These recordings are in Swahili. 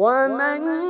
我们。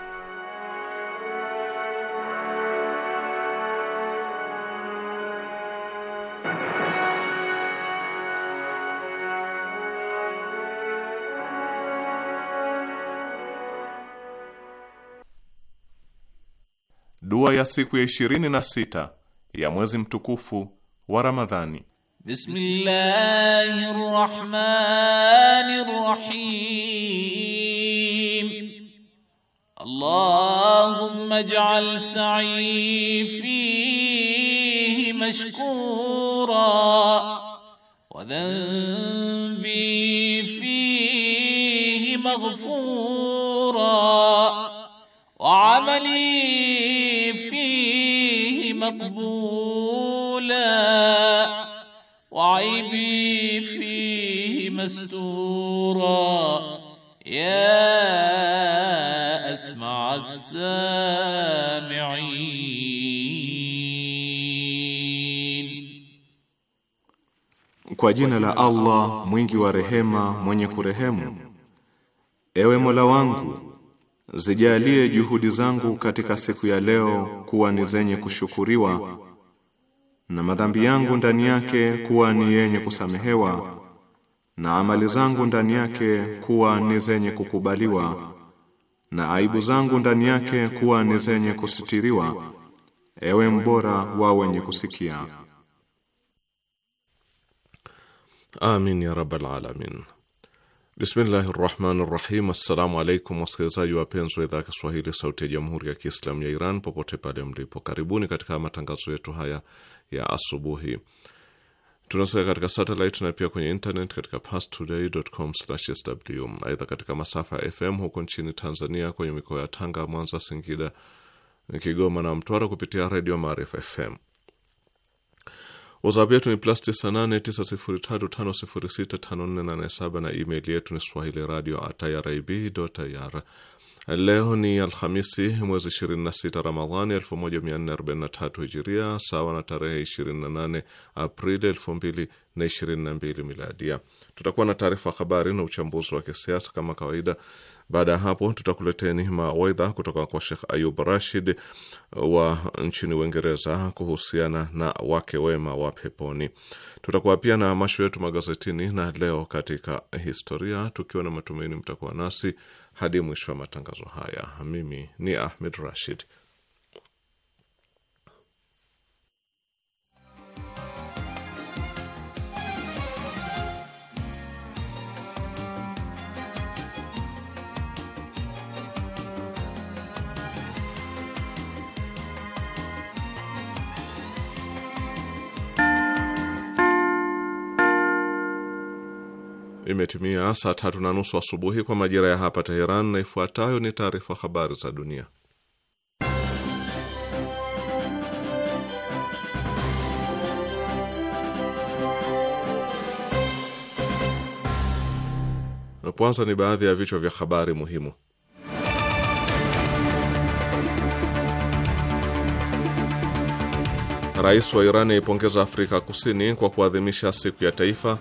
Dua ya siku ya 26 ya mwezi mtukufu wa Ramadhani. Bismillahir Rahmanir Rahim. Allahumma ij'al sa'i fihi mashkura wa dhanbi fihi maghfura مقبولا وعيبي فيه مستورا يا أسمع السامعين Kwa jina la Allah mwingi wa rehema mwenye kurehemu, ewe Mola wangu zijalie juhudi zangu katika siku ya leo kuwa ni zenye kushukuriwa na madhambi yangu ndani yake kuwa ni yenye kusamehewa na amali zangu ndani yake kuwa ni zenye kukubaliwa na aibu zangu ndani yake kuwa ni zenye kusitiriwa ewe mbora wa wenye kusikia amin ya rabbal alamin Bismillahi rahmani rahim. Assalamu alaikum wasikilizaji wapenzi wa idhaa ya Kiswahili sauti ya jamhuri ya Kiislamu ya Iran popote pale mlipo, karibuni katika matangazo yetu haya ya asubuhi. Tunasikia katika satelit na pia kwenye internet katika pastoday.com/sw. Aidha, katika masafa ya FM huko nchini Tanzania kwenye mikoa ya Tanga, Mwanza, Singida, Kigoma na Mtwara kupitia redio Maarifa FM. WhatsApp yetu ni plus 989035065487 na email yetu ni swahili radio at irib ir. Leo ni Alhamisi, mwezi 26 Ramadhani 1443 Hijiria, sawa na tarehe 28 Aprili 2022 Miladia. Tutakuwa na taarifa habari na uchambuzi wa kisiasa kama kawaida baada ya hapo, tutakuleteni mawaidha kutoka kwa Shekh Ayub Rashid uh, wa nchini Uingereza kuhusiana na wake wema wa peponi. Tutakuwa pia na masho yetu magazetini na leo katika historia, tukiwa na matumaini mtakuwa nasi hadi mwisho wa matangazo haya. Mimi ni Ahmed Rashid. imetimia saa tatu na nusu asubuhi kwa majira ya hapa Teheran, na ifuatayo ni taarifa habari za dunia. Kwanza ni baadhi ya vichwa vya habari muhimu. Rais wa Iran aipongeza Afrika Kusini kwa kuadhimisha siku ya taifa.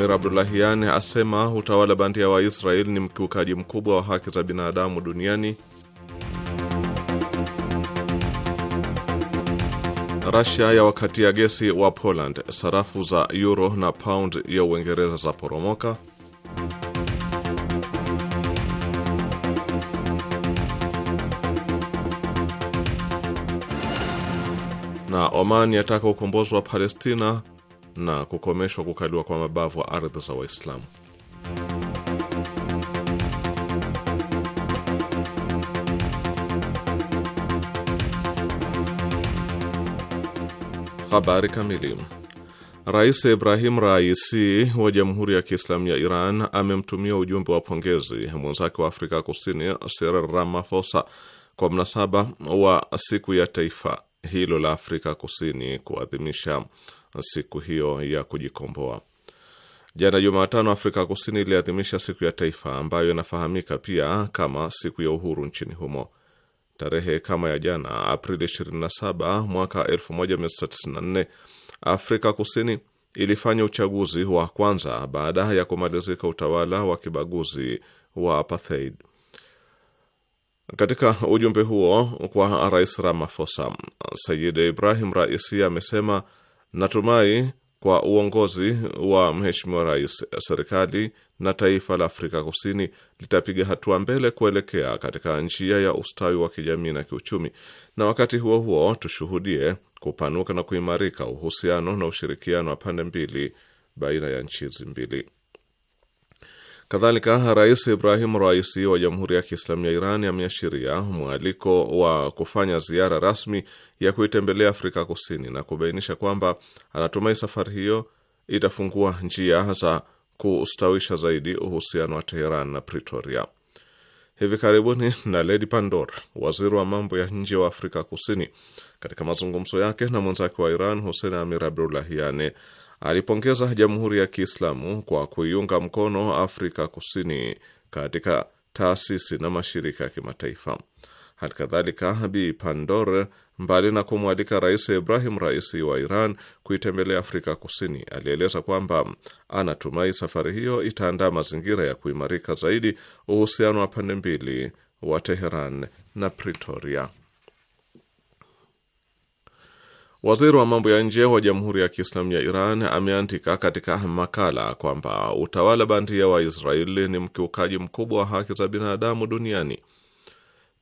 Amir Abdullahian asema utawala bandia wa Israel ni mkiukaji mkubwa wa haki za binadamu duniani. Rasia ya wakati ya gesi wa Poland, sarafu za euro na pound ya Uingereza za poromoka. Na Oman yataka ukombozi wa Palestina na kukomeshwa kukaliwa kwa mabavu wa ardhi za Waislamu. Habari kamili. Rais Ibrahim Raisi wa Jamhuri ya Kiislamu ya Iran amemtumia ujumbe wa pongezi mwenzake wa Afrika Kusini Cyril Ramaphosa kwa mnasaba wa siku ya taifa hilo la Afrika Kusini kuadhimisha siku hiyo ya kujikomboa. Jana Jumatano, Afrika Kusini iliadhimisha siku ya taifa ambayo inafahamika pia kama siku ya uhuru nchini humo. Tarehe kama ya jana, Aprili 27 mwaka 1994, Afrika Kusini ilifanya uchaguzi wa kwanza baada ya kumalizika utawala wa kibaguzi wa apartheid. Katika ujumbe huo kwa Rais Ramaphosa, Sayyid Ibrahim Raisi amesema Natumai kwa uongozi wa Mheshimiwa Rais, serikali na taifa la Afrika Kusini litapiga hatua mbele kuelekea katika njia ya ustawi wa kijamii na kiuchumi, na wakati huo huo tushuhudie kupanuka na kuimarika uhusiano na ushirikiano wa pande mbili baina ya nchi hizi mbili. Kadhalika, Rais Ibrahim Raisi wa Jamhuri ya Kiislamu ya Iran ameashiria mwaliko wa kufanya ziara rasmi ya kuitembelea Afrika Kusini na kubainisha kwamba anatumai safari hiyo itafungua njia za kustawisha zaidi uhusiano wa Teheran na Pretoria. Hivi karibuni na ledi Pandor, waziri wa mambo ya nje wa Afrika Kusini, katika mazungumzo yake na mwenzake wa Iran Hussein Amir Abdullahiane alipongeza Jamhuri ya Kiislamu kwa kuiunga mkono Afrika Kusini katika taasisi na mashirika ya kimataifa. Hali kadhalika, Bi Pandor, mbali na kumwalika Rais Ibrahim Raisi wa Iran kuitembelea Afrika Kusini, alieleza kwamba anatumai safari hiyo itaandaa mazingira ya kuimarika zaidi uhusiano wa pande mbili wa Teheran na Pretoria. Waziri wa mambo ya nje wa Jamhuri ya Kiislamu ya Iran ameandika katika makala kwamba utawala bandia wa Israeli ni mkiukaji mkubwa wa haki za binadamu duniani.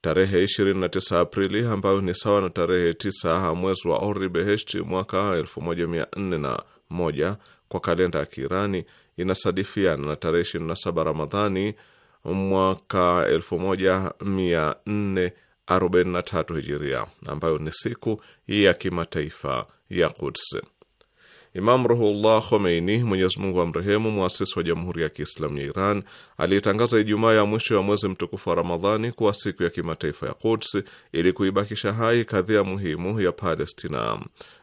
Tarehe 29 Aprili, ambayo ni sawa na tarehe 9 mwezi wa beheshti mwaka 1401 kwa kalenda ya Kiirani, inasadifiana na tarehe 27 Ramadhani mwaka 43 hijiria ambayo ni siku ya kimataifa ya Quds. Imam Ruhullah Khomeini, Mwenyezi Mungu amrehemu, muasisi wa Jamhuri ya Kiislamu ya Iran, aliyetangaza Ijumaa ya mwisho ya mwezi mtukufu wa Ramadhani kuwa siku ya kimataifa ya Quds ili kuibakisha hai kadhia muhimu ya Palestina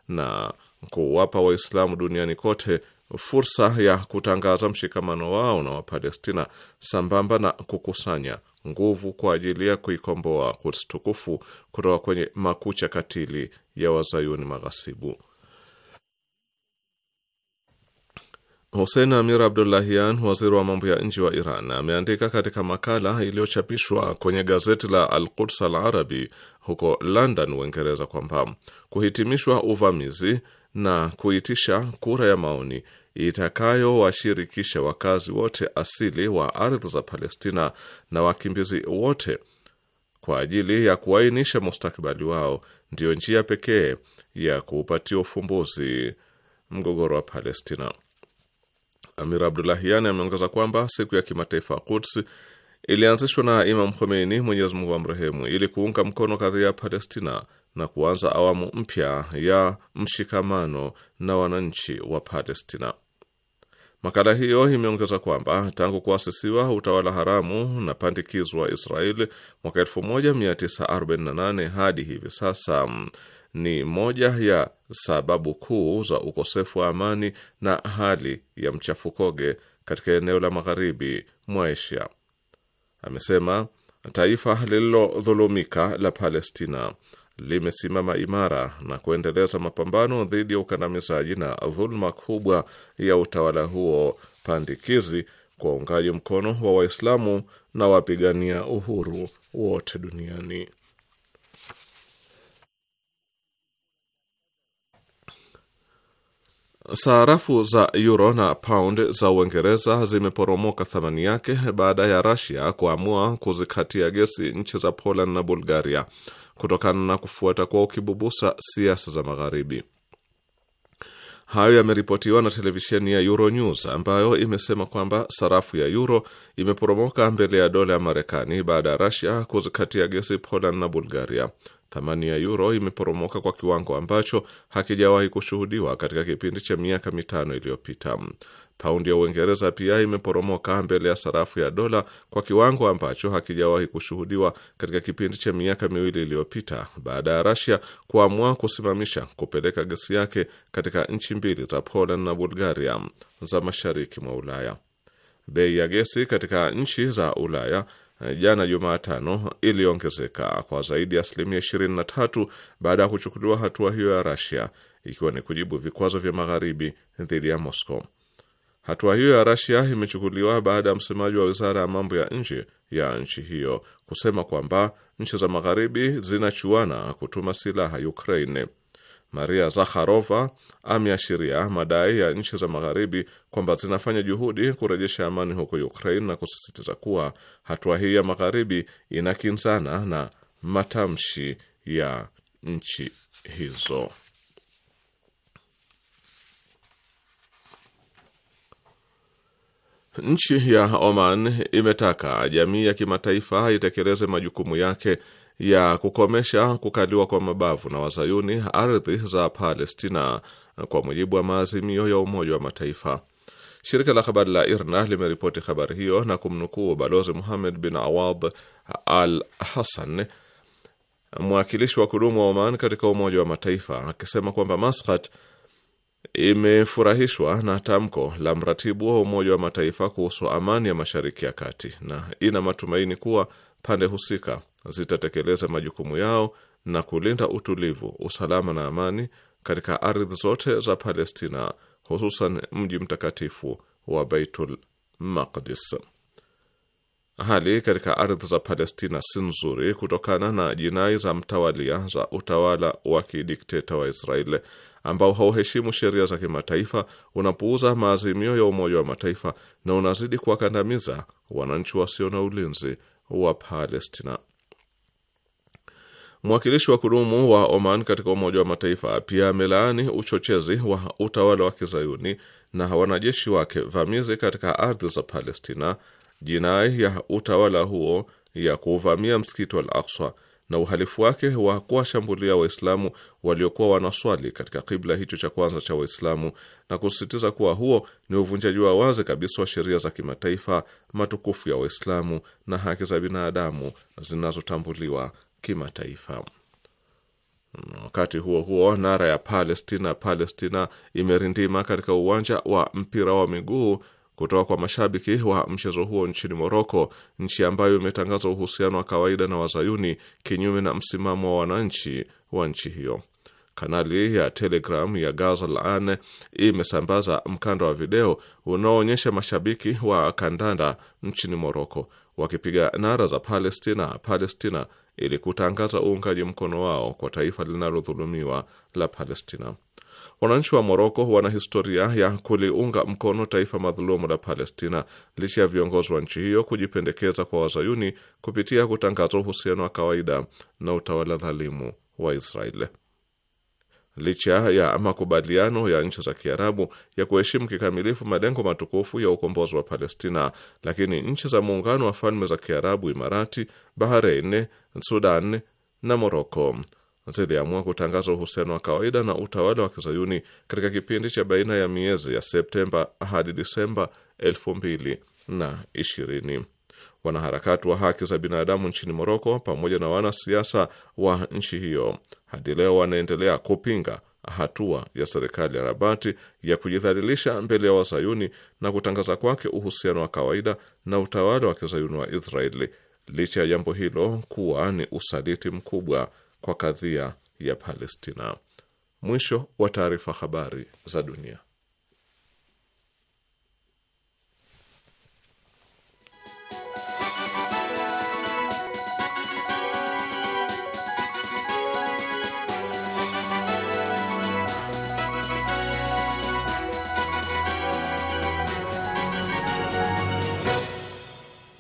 na kuwapa Waislamu duniani kote fursa ya kutangaza mshikamano wao na Wapalestina sambamba na kukusanya nguvu kwa ajili ya kuikomboa Quds tukufu kutoka kwenye makucha katili ya wazayuni maghasibu. Hussein Amir Abdullahian, waziri wa mambo ya nje wa Iran, ameandika katika makala iliyochapishwa kwenye gazeti la Al Quds Al Arabi huko London, Uingereza, kwamba kuhitimishwa uvamizi na kuitisha kura ya maoni itakayowashirikisha wakazi wote asili wa ardhi za Palestina na wakimbizi wote kwa ajili ya kuainisha mustakabali wao ndiyo njia pekee ya kuupatia ufumbuzi mgogoro wa Palestina. Amir Abdulahian ameongeza kwamba siku ya kimataifa ya Quds ilianzishwa na Imam Khomeini, Mwenyezi Mungu amrehemu, ili kuunga mkono kadhia ya Palestina na kuanza awamu mpya ya mshikamano na wananchi wa Palestina. Makala hiyo imeongeza kwamba tangu kuasisiwa utawala haramu na pandikizwa Israeli mwaka 1948 hadi hivi sasa ni moja ya sababu kuu za ukosefu wa amani na hali ya mchafukoge katika eneo la magharibi mwa Asia. Amesema taifa lililodhulumika la Palestina limesimama imara na kuendeleza mapambano dhidi ya ukandamizaji na dhuluma kubwa ya utawala huo pandikizi kwa ungaji mkono wa Waislamu na wapigania uhuru wote duniani. Sarafu za euro na pound za Uingereza zimeporomoka thamani yake baada ya Russia kuamua kuzikatia gesi nchi za Poland na Bulgaria kutokana na kufuata kwa ukibubusa siasa za Magharibi. Hayo yameripotiwa na televisheni ya Euronews ambayo imesema kwamba sarafu ya euro imeporomoka mbele ya dola ya Marekani baada ya rusia kuzikatia gesi Poland na Bulgaria. Thamani ya euro imeporomoka kwa kiwango ambacho hakijawahi kushuhudiwa katika kipindi cha miaka mitano iliyopita. Paundi ya Uingereza pia imeporomoka mbele ya sarafu ya dola kwa kiwango ambacho hakijawahi kushuhudiwa katika kipindi cha miaka miwili iliyopita baada ya Rasia kuamua kusimamisha kupeleka gesi yake katika nchi mbili za Poland na Bulgaria za mashariki mwa Ulaya. Bei ya gesi katika nchi za Ulaya eh, jana Jumatano iliongezeka kwa zaidi ya asilimia 23 baada ya kuchukuliwa hatua hiyo ya Rasia, ikiwa ni kujibu vikwazo vya Magharibi dhidi ya Moscow. Hatua hiyo ya Rasia imechukuliwa baada ya msemaji wa wizara ya mambo ya nje ya nchi hiyo kusema kwamba nchi za magharibi zinachuana kutuma silaha Ukraine. Maria Zakharova ameashiria madai ya nchi za magharibi kwamba zinafanya juhudi kurejesha amani huko Ukraine na kusisitiza kuwa hatua hii ya magharibi inakinzana na matamshi ya nchi hizo. Nchi ya Oman imetaka jamii ya kimataifa itekeleze majukumu yake ya kukomesha kukaliwa kwa mabavu na wazayuni ardhi za Palestina kwa mujibu wa maazimio ya Umoja wa Mataifa. Shirika la habari la IRNA limeripoti habari hiyo na kumnukuu Balozi Muhamed bin Awad Al Hassan, mwakilishi wa kudumu wa Oman katika Umoja wa Mataifa, akisema kwamba Maskat imefurahishwa na tamko la mratibu wa Umoja wa Mataifa kuhusu amani ya Mashariki ya Kati na ina matumaini kuwa pande husika zitatekeleza majukumu yao na kulinda utulivu, usalama na amani katika ardhi zote za Palestina, hususan mji mtakatifu wa Baitul Maqdis. Hali katika ardhi za Palestina si nzuri kutokana na jinai za mtawalia za utawala wa kidikteta wa Israeli ambao hauheshimu sheria za kimataifa, unapuuza maazimio ya Umoja wa Mataifa na unazidi kuwakandamiza wananchi wasio na ulinzi wa Palestina. Mwakilishi wa kudumu wa Oman katika Umoja wa Mataifa pia amelaani uchochezi wa utawala wa kizayuni na wanajeshi wake vamizi katika ardhi za Palestina, jinai ya utawala huo ya kuuvamia msikiti wa Al-Aqsa na uhalifu wake wa kuwashambulia Waislamu waliokuwa wanaswali katika kibla hicho cha kwanza cha Waislamu na kusisitiza kuwa huo ni uvunjaji wa wazi kabisa wa sheria za kimataifa matukufu ya Waislamu na haki za binadamu zinazotambuliwa kimataifa. Hmm, wakati huo huo, nara ya Palestina Palestina imerindima katika uwanja wa mpira wa miguu kutoka kwa mashabiki wa mchezo huo nchini Moroko, nchi ambayo imetangaza uhusiano wa kawaida na wazayuni kinyume na msimamo wa wananchi wa nchi hiyo. Kanali ya Telegram ya Gaza Laan imesambaza mkanda wa video unaoonyesha mashabiki wa kandanda nchini Moroko wakipiga nara za Palestina, Palestina, ili kutangaza uungaji mkono wao kwa taifa linalodhulumiwa la Palestina. Wananchi wa Moroko wana historia ya kuliunga mkono taifa madhulumu la Palestina licha ya viongozi wa nchi hiyo kujipendekeza kwa wazayuni kupitia kutangaza uhusiano wa kawaida na utawala dhalimu wa Israeli. Licha ya makubaliano ya nchi za Kiarabu ya kuheshimu kikamilifu malengo matukufu ya ukombozi wa Palestina, lakini nchi za Muungano wa Falme za Kiarabu, Imarati, Bahrein, Sudan na Moroko ziliamua kutangaza uhusiano wa kawaida na utawala wa kizayuni katika kipindi cha baina ya miezi ya Septemba hadi Disemba 2020. Wanaharakati wa haki za binadamu nchini Moroko pamoja na wanasiasa wa nchi hiyo hadi leo wanaendelea kupinga hatua ya serikali ya Rabati ya kujidhalilisha mbele ya wazayuni na kutangaza kwake uhusiano wa kawaida na utawala wa kizayuni wa Israeli, licha ya jambo hilo kuwa ni usaliti mkubwa kwa kadhia ya Palestina. Mwisho wa taarifa. Habari za dunia.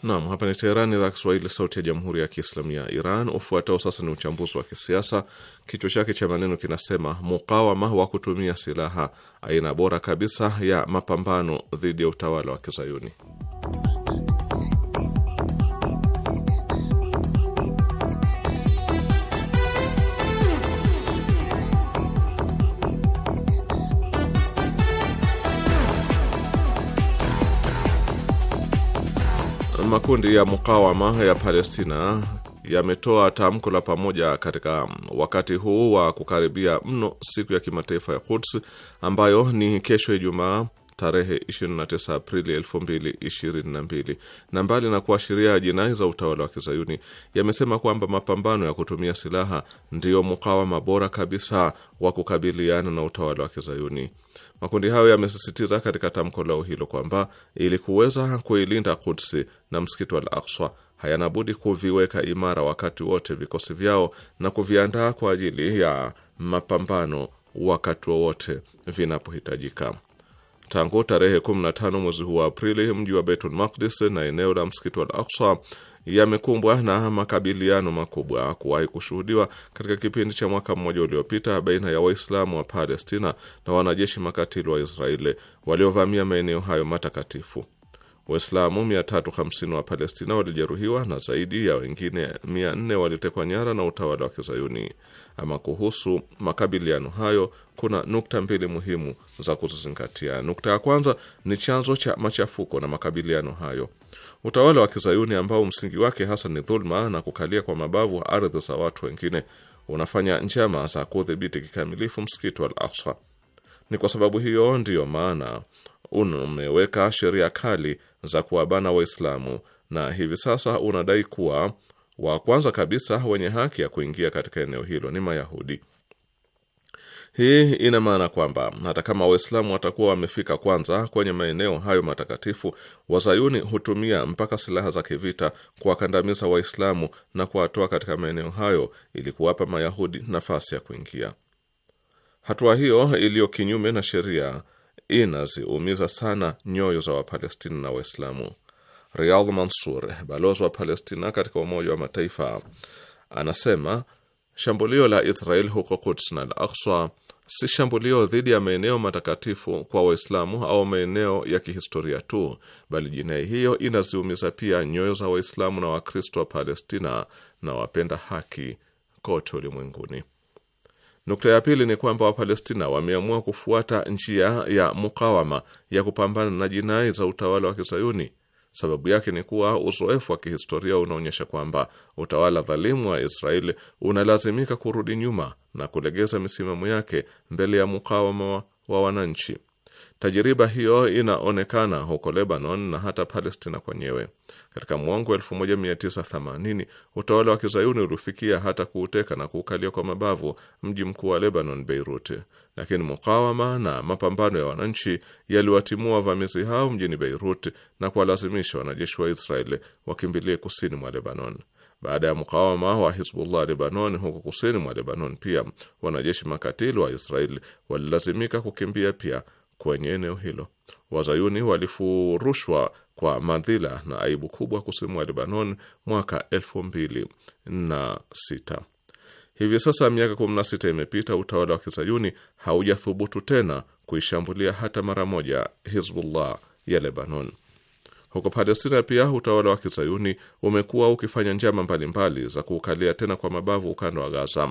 Naam, hapa ni Teherani, idhaa Kiswahili, sauti ya jamhuri ya kiislamu ya Iran. Ufuatao sasa ni uchambuzi wa kisiasa, kichwa chake cha maneno kinasema mukawama wa kutumia silaha, aina bora kabisa ya mapambano dhidi ya utawala wa Kizayuni. Makundi ya mukawama ya Palestina yametoa tamko la pamoja katika wakati huu wa kukaribia mno siku ya kimataifa ya Quds ambayo ni kesho Ijumaa tarehe 29 Aprili 2022. Na mbali na kuashiria jinai za utawala wa Kizayuni, yamesema kwamba mapambano ya kutumia silaha ndiyo mukawama bora kabisa wa kukabiliana na utawala wa Kizayuni. Makundi hayo yamesisitiza katika tamko lao hilo kwamba ili kuweza kuilinda Kudsi na msikiti Al Akswa hayana budi kuviweka imara wakati wote vikosi vyao na kuviandaa kwa ajili ya mapambano wakati wowote vinapohitajika. Tangu tarehe 15 mwezi huu wa Aprili, mji wa Beitul Makdis na eneo la msikiti Al Akswa yamekumbwa na makabiliano makubwa kuwahi kushuhudiwa katika kipindi cha mwaka mmoja uliopita baina ya Waislamu wa Palestina na wanajeshi makatili wa Israeli waliovamia maeneo hayo matakatifu. Waislamu 350 wa Palestina walijeruhiwa na zaidi ya wengine 400 walitekwa nyara na utawala wa Kizayuni. Ama kuhusu makabiliano hayo, kuna nukta mbili muhimu za kuzizingatia. Nukta ya kwanza ni chanzo cha machafuko na makabiliano hayo. Utawala wa kizayuni ambao msingi wake hasa ni dhuluma na kukalia kwa mabavu ardhi za watu wengine unafanya njama za kudhibiti kikamilifu msikiti wa Al-Aqsa. Ni kwa sababu hiyo ndiyo maana umeweka sheria kali za kuwabana Waislamu na hivi sasa unadai kuwa wa kwanza kabisa wenye haki ya kuingia katika eneo hilo ni Mayahudi. Hii ina maana kwamba hata kama Waislamu watakuwa wamefika kwanza kwenye maeneo hayo matakatifu, wazayuni hutumia mpaka silaha za kivita kuwakandamiza Waislamu na kuwatoa katika maeneo hayo ili kuwapa Mayahudi nafasi ya kuingia. Hatua hiyo iliyo kinyume na sheria inaziumiza sana nyoyo za Wapalestina na Waislamu. rial Mansur, balozi wa Palestina katika Umoja wa Mataifa, anasema shambulio la Israel huko Quds na al-Aqsa si shambulio dhidi ya maeneo matakatifu kwa Waislamu au maeneo ya kihistoria tu, bali jinai hiyo inaziumiza pia nyoyo za Waislamu na Wakristo wa Palestina na wapenda haki kote ulimwenguni. Nukta ya pili ni kwamba Wapalestina wameamua kufuata njia ya mukawama ya kupambana na jinai za utawala wa Kizayuni Sababu yake ni kuwa uzoefu wa kihistoria unaonyesha kwamba utawala dhalimu wa Israeli unalazimika kurudi nyuma na kulegeza misimamo yake mbele ya mukawama wa wananchi Tajiriba hiyo inaonekana huko Lebanon na hata Palestina kwenyewe. Katika mwongo 1980 utawala wa kizayuni ulifikia hata kuuteka na kuukalia kwa mabavu mji mkuu wa Lebanon, Beirut, lakini mukawama na mapambano ya wananchi yaliwatimua wavamizi hao mjini Beirut na kuwalazimisha wanajeshi wa Israeli wakimbilie kusini mwa Lebanon. Baada ya mukawama wa Hizbullah Lebanon huko kusini mwa Lebanon, pia wanajeshi makatili wa Israeli walilazimika kukimbia pia kwenye eneo hilo. Wazayuni walifurushwa kwa madhila na aibu kubwa kusimua Lebanon mwaka elfu mbili na sita. Hivi sasa miaka 16 imepita, utawala wa kizayuni haujathubutu tena kuishambulia hata mara moja Hizbullah ya Lebanon. Huko Palestina pia utawala wa kizayuni umekuwa ukifanya njama mbalimbali za kuukalia tena kwa mabavu ukanda wa Gaza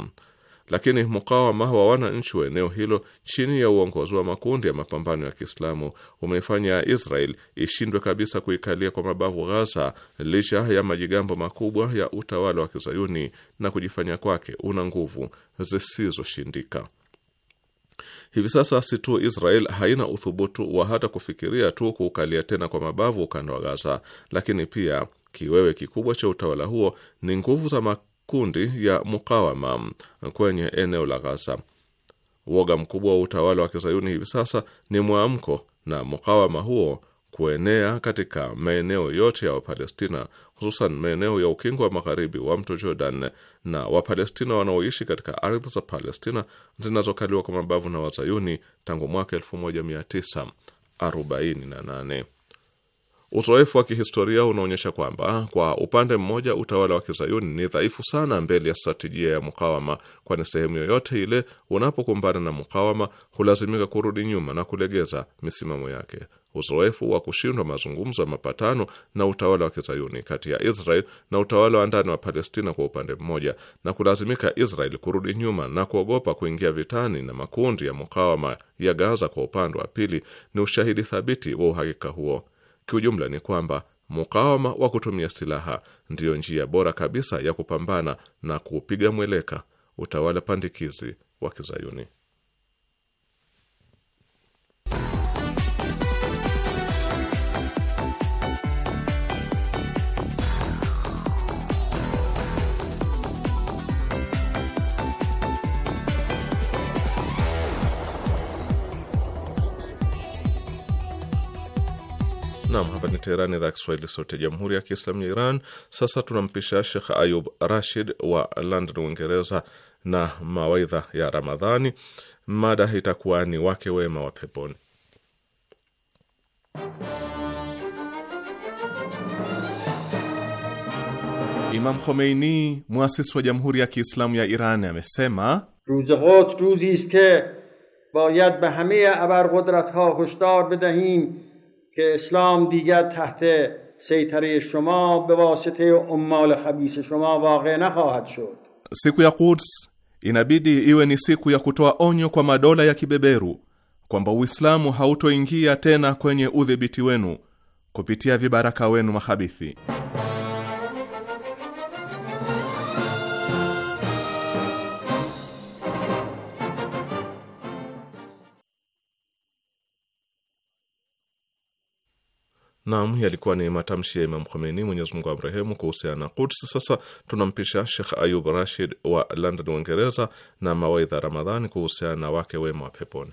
lakini mukawama wa wananchi wa eneo hilo chini ya uongozi wa makundi ya mapambano ya Kiislamu umeifanya Israel ishindwe kabisa kuikalia kwa mabavu Ghaza licha ya majigambo makubwa ya utawala wa Kizayuni na kujifanya kwake una nguvu zisizoshindika. Hivi sasa si tu Israel haina uthubutu wa hata kufikiria tu kuukalia tena kwa mabavu ukanda wa Gaza, lakini pia kiwewe kikubwa cha utawala huo ni nguvu za kundi ya mukawama kwenye eneo la Gaza. Uoga mkubwa wa utawala wa kizayuni hivi sasa ni mwamko na mukawama huo kuenea katika maeneo yote ya Wapalestina, hususan maeneo ya ukingo wa magharibi wa mto Jordan na Wapalestina wanaoishi katika ardhi za Palestina zinazokaliwa kwa mabavu na Wazayuni tangu mwaka 1948. Uzoefu wa kihistoria unaonyesha kwamba kwa upande mmoja utawala wa kizayuni ni dhaifu sana mbele ya stratejia ya mukawama, kwani sehemu yoyote ile unapokumbana na mukawama hulazimika kurudi nyuma na kulegeza misimamo yake. Uzoefu wa kushindwa mazungumzo ya mapatano na utawala wa kizayuni kati ya Israel na utawala wa ndani wa Palestina kwa upande mmoja, na kulazimika Israel kurudi nyuma na kuogopa kuingia vitani na makundi ya mukawama ya Gaza kwa upande wa pili, ni ushahidi thabiti wa uhakika huo. Kiujumla ni kwamba mukawama wa kutumia silaha ndiyo njia bora kabisa ya kupambana na kuupiga mweleka utawala pandikizi wa Kizayuni. Nam, hapa ni Teherani, idhaa ya Kiswahili, sauti ya jamhuri ya kiislamu ya Iran. Sasa tunampisha Shekh Ayub Rashid wa London, Uingereza, na mawaidha ya Ramadhani. Mada itakuwa ni wake wema wa peponi. Imam Khomeini, muasisi wa jamhuri ya kiislamu ya Iran, amesema ruze Quds ruzi ist ke bayad be hame abar qudratha hushdar bedahim که اسلام دیگر تحت سیطره شما به واسطه عمال خبیس شما واقع نخواهد شد siku ya قدس inabidi iwe ni siku ya kutoa onyo kwa madola ya kibeberu kwamba Uislamu hautoingia tena kwenye udhibiti wenu kupitia vibaraka wenu mahabithi Naam, yalikuwa ni matamshi ya Imam Khomeini, Mwenyezi Mungu amrehemu, kuhusiana na Quds. Sasa tunampisha Sheikh Ayub Rashid wa London, Uingereza, na mawaidha Ramadhani kuhusiana na wake wema wa peponi.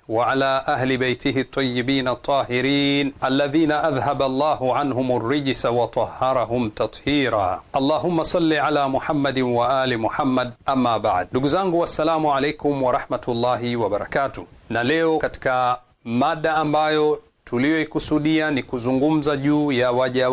وعلى أهل بيته الطيبين الطاهرين الذين أذهب الله عنهم الرجس وطهرهم تطهيرا اللهم صل على محمد وآل محمد أما بعد ndugu zangu wassalamu alaikum warahmatullahi wabarakatu na leo katika mada ambayo tuliyoikusudia ni kuzungumza juu ya waja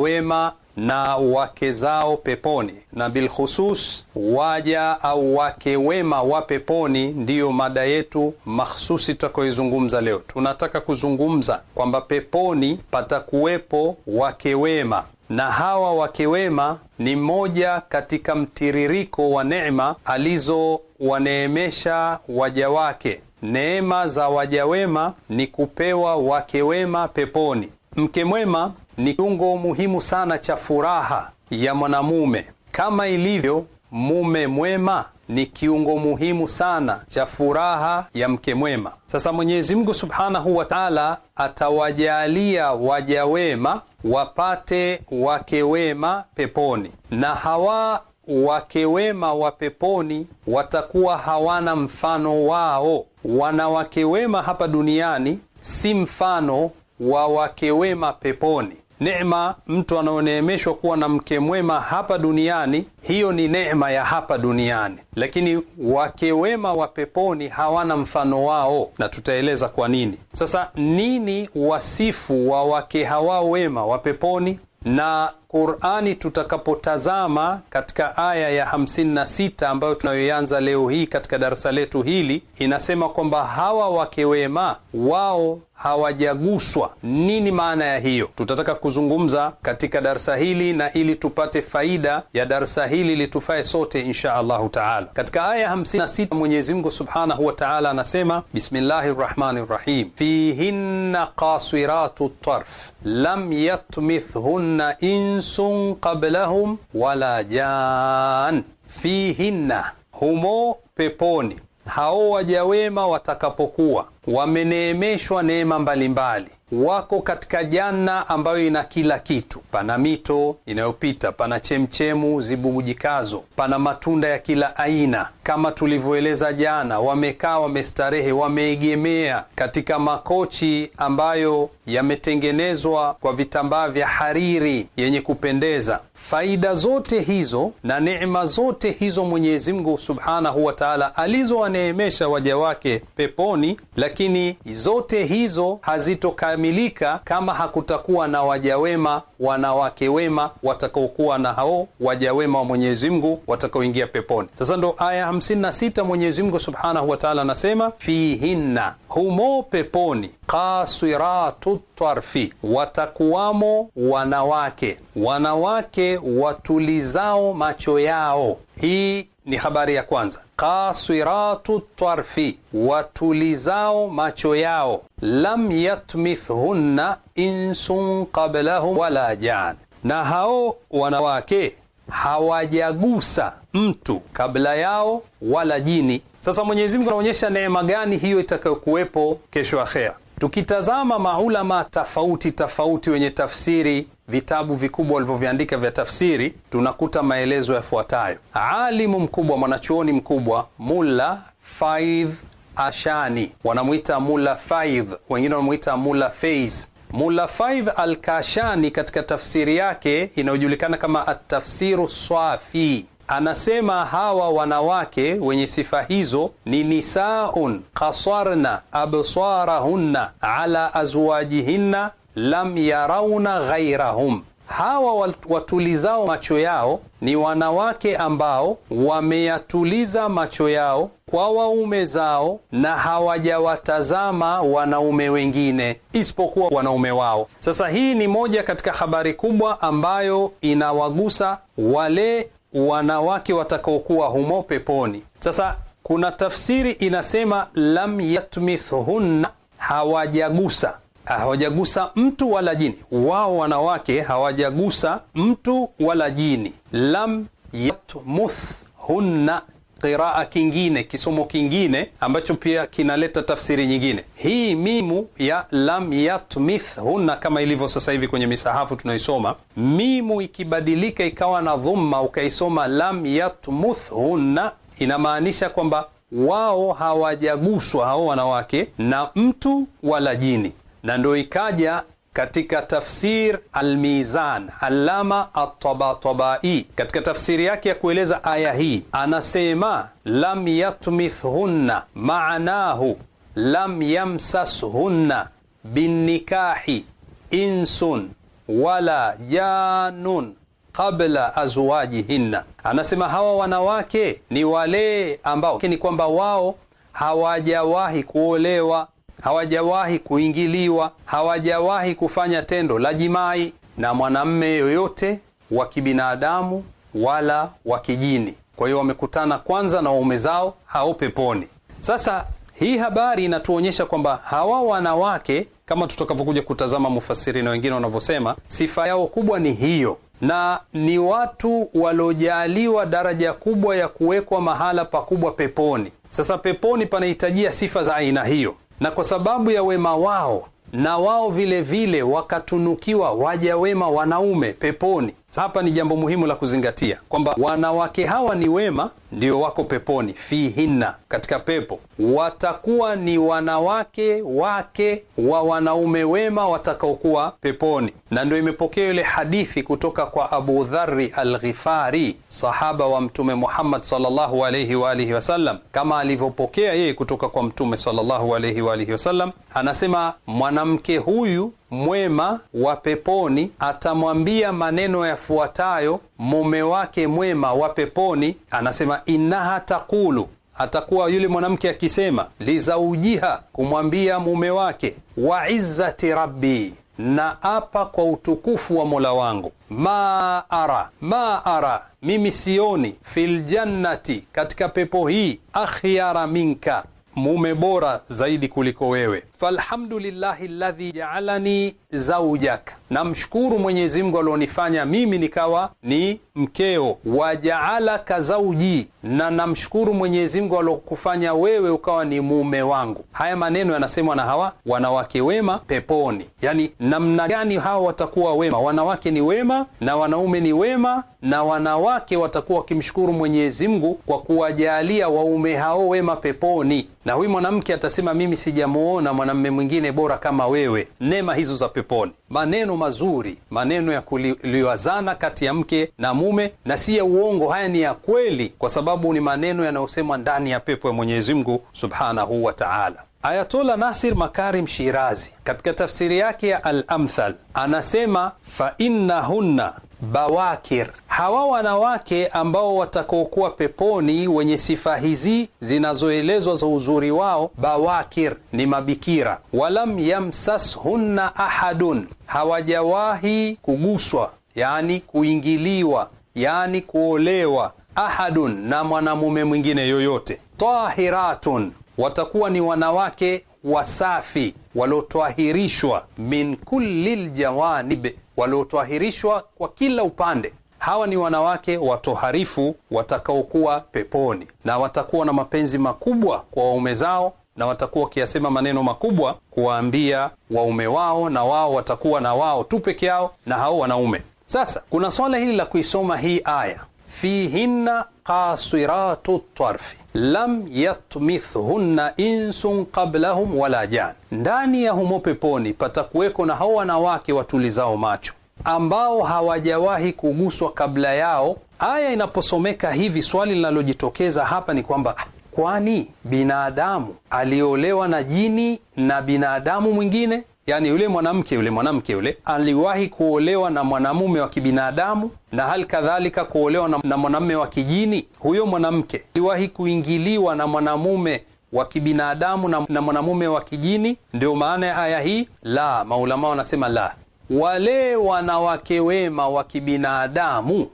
na wake zao peponi, na bilkhusus waja au wake wema wa peponi. Ndiyo mada yetu mahsusi tutakayoizungumza leo. Tunataka kuzungumza kwamba peponi patakuwepo wake wema, na hawa wake wema ni moja katika mtiririko wa neema alizowaneemesha waja wake. Neema za waja wema ni kupewa wake wema peponi. Mke mwema ni kiungo muhimu sana cha furaha ya mwanamume, kama ilivyo mume mwema ni kiungo muhimu sana cha furaha ya mke mwema. Sasa Mwenyezi Mungu subhanahu wa taala atawajalia waja wema wapate wake wema peponi, na hawa wake wema wa peponi watakuwa hawana mfano wao. Wanawake wema hapa duniani si mfano wa wake wema peponi. Neema mtu anaoneemeshwa kuwa na mke mwema hapa duniani, hiyo ni neema ya hapa duniani, lakini wake wema wa peponi hawana mfano wao, na tutaeleza kwa nini. Sasa nini wasifu wa wake hawa wema wa peponi na Qurani tutakapotazama katika aya ya 56 ambayo tunayoianza leo hii katika darasa letu hili, inasema kwamba hawa wake wema wao hawajaguswa. Nini maana ya hiyo? Tutataka kuzungumza katika darsa hili, na ili tupate faida ya darsa hili litufae sote insha allahu taala. Katika aya 56 Mwenyezi Mungu subhanahu wa taala anasema, bismillahi rahmani rahim, fihinna kasiratu tarf lam yatmithhunna in insun qablahum wala jan fihinna, humo peponi hao wajawema watakapokuwa wameneemeshwa neema mbalimbali wako katika janna ambayo ina kila kitu. Pana mito inayopita, pana chemchemu zibubujikazo, pana matunda ya kila aina. Kama tulivyoeleza jana, wamekaa wamestarehe, wameegemea katika makochi ambayo yametengenezwa kwa vitambaa vya hariri yenye kupendeza. Faida zote hizo na neema zote hizo Mwenyezi Mungu subhanahu wa taala alizowaneemesha waja wake peponi, lakini lakini zote hizo hazitokamilika kama hakutakuwa na wajawema wanawake wema watakaokuwa na hao wajawema wa Mwenyezi Mungu watakaoingia peponi. Sasa ndo aya 56 Mwenyezi Mungu subhanahu wataala anasema fihinna, humo peponi kasiratu tarfi, watakuwamo wanawake, wanawake watulizao macho yao. Hii ni habari ya kwanza. Kasiratu tarfi, watulizao macho yao. Lam yatmithhunna insun qablahum wala jan, na hao wanawake hawajagusa mtu kabla yao wala jini. Sasa Mwenyezi Mungu anaonyesha neema gani hiyo itakayokuwepo kesho akhera. Tukitazama maulama tofauti tofauti wenye tafsiri vitabu vikubwa walivyoviandika vya tafsiri, tunakuta maelezo yafuatayo. Alimu mkubwa, mwanachuoni mkubwa, Mulla Faidh Ashani, wanamwita Mulla Faidh, wengine wanamwita Mulla Feiz. Mulla Faidh Al-Kashani katika tafsiri yake inayojulikana kama Atafsiru Swafi anasema hawa wanawake wenye sifa hizo ni nisaun kasarna absarahunna ala azwajihinna lam yarauna ghairahum, hawa watulizao macho yao ni wanawake ambao wameyatuliza macho yao kwa waume zao na hawajawatazama wanaume wengine isipokuwa wanaume wao. Sasa hii ni moja katika habari kubwa ambayo inawagusa wale wanawake watakaokuwa humo peponi. Sasa kuna tafsiri inasema lam yatmithhunna, hawajagusa hawajagusa mtu wala jini, wao wanawake hawajagusa mtu wala jini. lam yatmuth hunna Qiraa kingine kisomo kingine ambacho pia kinaleta tafsiri nyingine, hii mimu ya lam yatmith hunna, kama ilivyo sasa hivi kwenye misahafu tunaisoma. Mimu ikibadilika ikawa na dhumma, ukaisoma lam yatmuth hunna, inamaanisha kwamba wao hawajaguswa hao wanawake na mtu wala jini na ndo ikaja katika tafsir Almizan Allama Atabatabai katika tafsiri yake ya kueleza aya hii anasema, lam yatmithhunna, maanahu lam yamsashunna binnikahi insun wala janun qabla azwajihinna. Anasema hawa wanawake ni wale ambao ni kwamba wao hawajawahi kuolewa hawajawahi kuingiliwa, hawajawahi kufanya tendo la jimai na mwanamme yoyote wa kibinadamu wala wa kijini. Kwa hiyo wamekutana kwanza na waume zao hao peponi. Sasa hii habari inatuonyesha kwamba hawa wanawake, kama tutakavyokuja kutazama mufasiri na wengine wanavyosema, sifa yao kubwa ni hiyo, na ni watu waliojaaliwa daraja kubwa ya kuwekwa mahala pakubwa peponi. Sasa peponi panahitajia sifa za aina hiyo na kwa sababu ya wema wao na wao vilevile vile wakatunukiwa waja wema wanaume peponi. Hapa ni jambo muhimu la kuzingatia kwamba wanawake hawa ni wema, ndio wako peponi, fihinna, katika pepo. Watakuwa ni wanawake wake wa wanaume wema watakaokuwa peponi, na ndio imepokea ile hadithi kutoka kwa Abu Dharri Al-Ghifari, sahaba wa Mtume Muhammad sallallahu wa alihi wasallam, kama alivyopokea yeye kutoka kwa Mtume sallallahu wa alihi wasallam. Anasema mwanamke huyu mwema wa peponi atamwambia maneno yafuatayo mume wake mwema wa peponi, anasema innaha taqulu atakuwa yule mwanamke akisema lizaujiha, kumwambia mume wake, wa izzati rabbi, na apa kwa utukufu wa mola wangu, ma ara ma ara, mimi sioni filjannati katika pepo hii, akhyara minka, mume bora zaidi kuliko wewe falhamdulillahi ladhi jaalani zaujak, namshukuru Mwenyezi Mungu alionifanya mimi nikawa ni mkeo. Wajaalaka zauji, na namshukuru Mwenyezi Mungu aliokufanya wewe ukawa ni mume wangu. Haya maneno yanasemwa na hawa wanawake wema peponi. Yani namna gani hawa watakuwa wema? Wanawake ni wema na wanaume ni wema, na wanawake watakuwa wakimshukuru Mwenyezi Mungu kwa kuwajaalia waume hao wema peponi, na huyu mwanamke atasema mimi sijamuona mwanamme mwingine bora kama wewe, neema hizo za peponi. Maneno mazuri, maneno ya kuliwazana kati ya mke na mume, na si ya uongo. Haya ni ya kweli, kwa sababu ni maneno yanayosemwa ndani ya pepo ya Mwenyezi Mungu subhanahu wa taala. Ayatola Nasir Makarim Shirazi katika tafsiri yake ya Al-Amthal anasema fainnahunna bawakir, hawa wanawake ambao watakaokuwa peponi wenye sifa hizi zinazoelezwa za uzuri wao, bawakir ni mabikira. Walam yamsashunna ahadun, hawajawahi kuguswa, yani kuingiliwa, yani kuolewa ahadun na mwanamume mwingine yoyote. Tahiratun watakuwa ni wanawake wasafi waliotwahirishwa min kulli ljawanib, waliotwahirishwa kwa kila upande. Hawa ni wanawake watoharifu watakaokuwa peponi, na watakuwa na mapenzi makubwa kwa waume zao, na watakuwa wakiyasema maneno makubwa kuwaambia waume wao, na wao watakuwa na wao tu peke yao na hao wanaume. Sasa kuna swala hili la kuisoma hii aya fihinna kasiratu tarfi lam yatmithhunna insun qablahum wala jan, ndani ya humo peponi patakuweko na hao wanawake watulizao macho ambao hawajawahi kuguswa kabla yao. Aya inaposomeka hivi, swali linalojitokeza hapa ni kwamba kwani binadamu aliolewa na jini na binadamu mwingine Yaani yule mwanamke yule mwanamke yule aliwahi kuolewa na mwanamume wa kibinadamu na hali kadhalika kuolewa na mwanamume wa kijini. Huyo mwanamke aliwahi kuingiliwa na mwanamume wa kibinadamu na, na mwanamume wa kijini. Ndio maana ya aya hii la maulama wanasema la, wale wanawake wema wa kibinadamu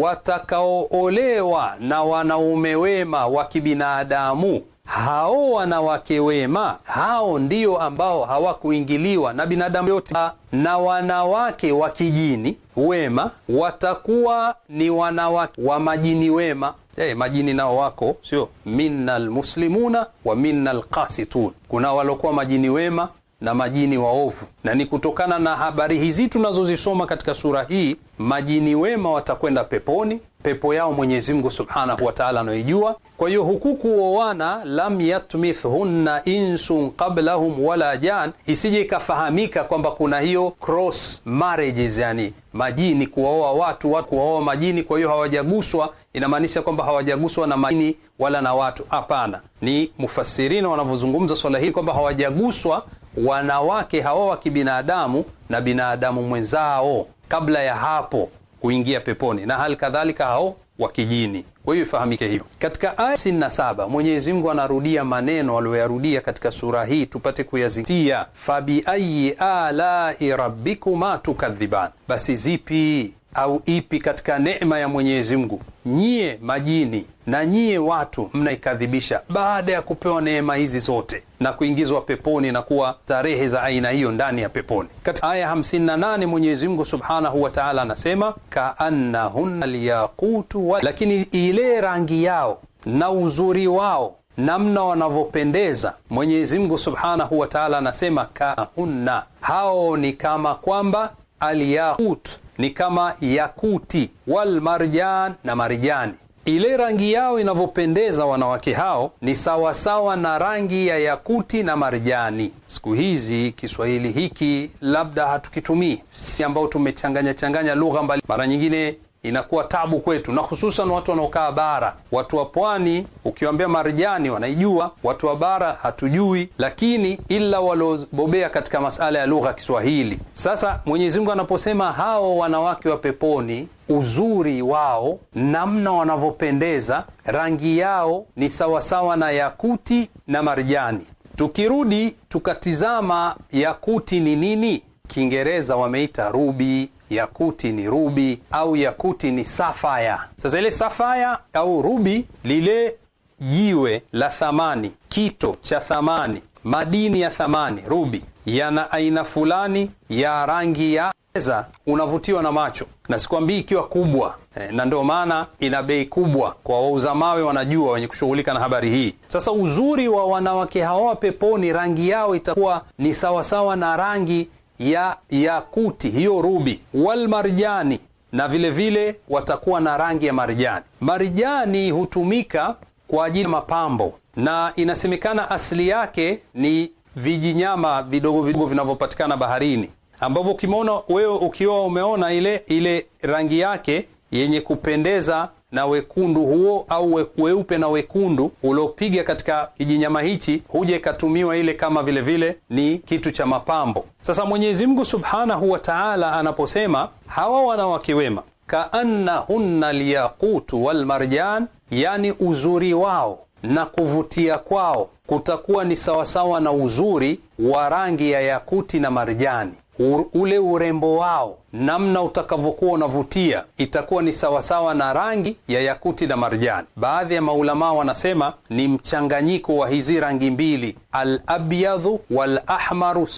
watakaoolewa na wanaume wema wa kibinadamu hao wanawake wema, hao ndio ambao hawakuingiliwa na binadamu yote, na wanawake wa kijini wema watakuwa ni wanawake wa majini wema. Hey, eh, majini nao wako sio, minnal lmuslimuna wa minnal qasitun. kuna walokuwa majini wema na majini waovu, na ni kutokana na habari hizi tunazozisoma katika sura hii, majini wema watakwenda peponi, pepo yao Mwenyezi Mungu Subhanahu wataala Ta'ala anaijua. Kwa hiyo huku kuoana, lam yatmithhunna insun qablahum wala jan, isije ikafahamika kwamba kuna hiyo cross marriages, yani majini kuwaoa watu, watu kuwaoa majini. Kwa hiyo hawajaguswa, inamaanisha kwamba hawajaguswa na majini wala na watu. Hapana, ni mufasirina wanavyozungumza swala hili kwamba hawajaguswa wanawake hawa wa kibinadamu na binadamu mwenzao kabla ya hapo kuingia peponi na hali kadhalika hao wa kijini. Kwa hiyo ifahamike hivyo. Katika aya saba Mwenyezi Mungu anarudia maneno aliyoyarudia katika sura hii tupate kuyazitia fabiayi alai rabbikuma tukadhiban, basi zipi au ipi katika neema ya Mwenyezi Mungu nyie majini na nyie watu mnaikadhibisha, baada ya kupewa neema hizi zote na kuingizwa peponi na kuwa tarehe za aina hiyo ndani ya peponi. Katika aya 58 Mwenyezi Mungu subhanahu wa taala anasema kaannahunna alyaqutu wa, lakini ile rangi yao na uzuri wao namna wanavyopendeza, Mwenyezi Mungu subhanahu wa taala anasema kaannahunna, hao ni kama kwamba alyaqut ni kama yakuti wal marjan na marijani. Ile rangi yao inavyopendeza wanawake hao ni sawasawa na rangi ya yakuti na marjani. Siku hizi Kiswahili hiki labda hatukitumii sisi ambao tumechanganya changanya lugha mbali, mara nyingine inakuwa tabu kwetu, na hususan watu wanaokaa bara. Watu wa pwani ukiwaambia marjani wanaijua, watu wa bara hatujui, lakini ila waliobobea katika masala ya lugha ya Kiswahili. Sasa Mwenyezi Mungu anaposema hao wanawake wa peponi uzuri wao, namna wanavyopendeza, rangi yao ni sawasawa na yakuti na marjani. Tukirudi tukatizama yakuti ni nini, Kiingereza wameita rubi yakuti ni rubi au yakuti ni safaya. Sasa ile safaya au rubi, lile jiwe la thamani, kito cha thamani, madini ya thamani, rubi yana aina fulani ya rangi ya eza, unavutiwa na macho na sikwambii ikiwa kubwa e, na ndio maana ina bei kubwa. Kwa wauza mawe wanajua, wenye kushughulika na habari hii. Sasa uzuri wa wanawake hawa peponi, rangi yao itakuwa ni sawasawa na rangi ya yakuti, hiyo rubi, wal marjani, na vile vile watakuwa na rangi ya marjani. Marjani hutumika kwa ajili ya mapambo na inasemekana asili yake ni vijinyama vidogo vidogo vinavyopatikana baharini, ambapo ukimwona wewe ukiwa umeona ile ile rangi yake yenye kupendeza na wekundu huo au weupe na wekundu uliopiga katika kijinyama hichi huja ikatumiwa ile kama vile vile ni kitu cha mapambo. Sasa Mwenyezi Mungu subhanahu wa taala anaposema hawa wanawake wema kaannahunna lyakutu walmarjan, yani uzuri wao na kuvutia kwao kutakuwa ni sawasawa na uzuri wa rangi ya yakuti na marjani, ule urembo wao namna utakavyokuwa unavutia itakuwa ni sawasawa na rangi ya yakuti na marjani. Baadhi ya maulamaa wanasema ni mchanganyiko wa hizi rangi mbili, alabyadhu walahmaru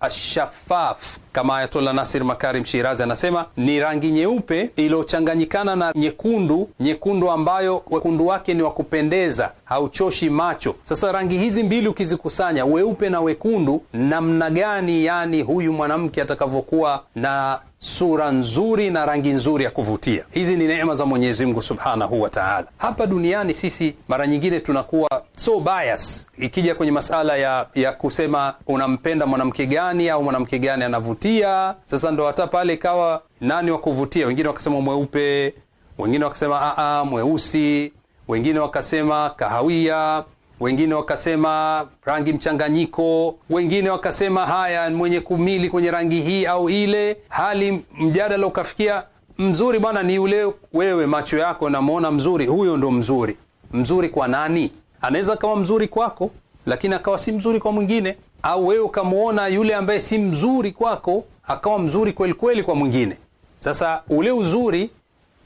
ashaffaf. Kama Ayatollah Nasir Makarim Shirazi anasema ni rangi nyeupe iliyochanganyikana na nyekundu, nyekundu ambayo wekundu wake ni wa kupendeza, hauchoshi macho. Sasa rangi hizi mbili ukizikusanya, weupe na wekundu, namna gani yani huyu mwanamke atakavyokuwa na sura nzuri na rangi nzuri ya kuvutia. Hizi ni neema za Mwenyezi Mungu subhanahu wa taala. Hapa duniani sisi mara nyingine tunakuwa so bias ikija kwenye masala ya, ya kusema unampenda mwanamke gani au mwanamke gani anavutia. Sasa ndo hata pale ikawa nani wa kuvutia, wengine wakasema mweupe, wengine wakasema aa, mweusi, wengine wakasema kahawia wengine wakasema rangi mchanganyiko, wengine wakasema haya mwenye kumili kwenye rangi hii au ile, hali mjadala ukafikia mzuri bwana ni ule wewe macho yako namwona mzuri, huyo ndo mzuri. Mzuri kwa nani? Anaweza kawa mzuri kwako, lakini akawa si mzuri kwa mwingine, au wewe ukamwona yule ambaye si mzuri kwako akawa mzuri kweli kweli kwa mwingine. Sasa ule uzuri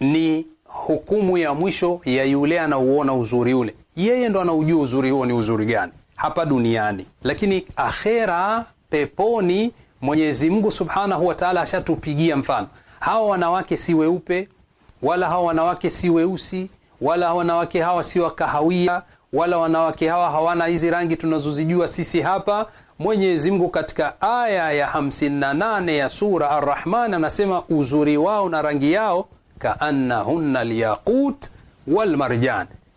ni hukumu ya mwisho ya yule anauona uzuri ule yeye ndo anaujua uzuri huo ni uzuri gani hapa duniani, lakini akhera, peponi, Mwenyezi Mungu Subhanahu wataala ashatupigia mfano. Hawa wanawake si weupe wala hawa wanawake si weusi wala wanawake hawa si wakahawia wala wanawake hawa hawana hizi rangi tunazozijua sisi hapa. Mwenyezi Mungu katika aya ya 58 ya sura arrahman anasema uzuri wao na rangi yao kaannahunna lyaqut wal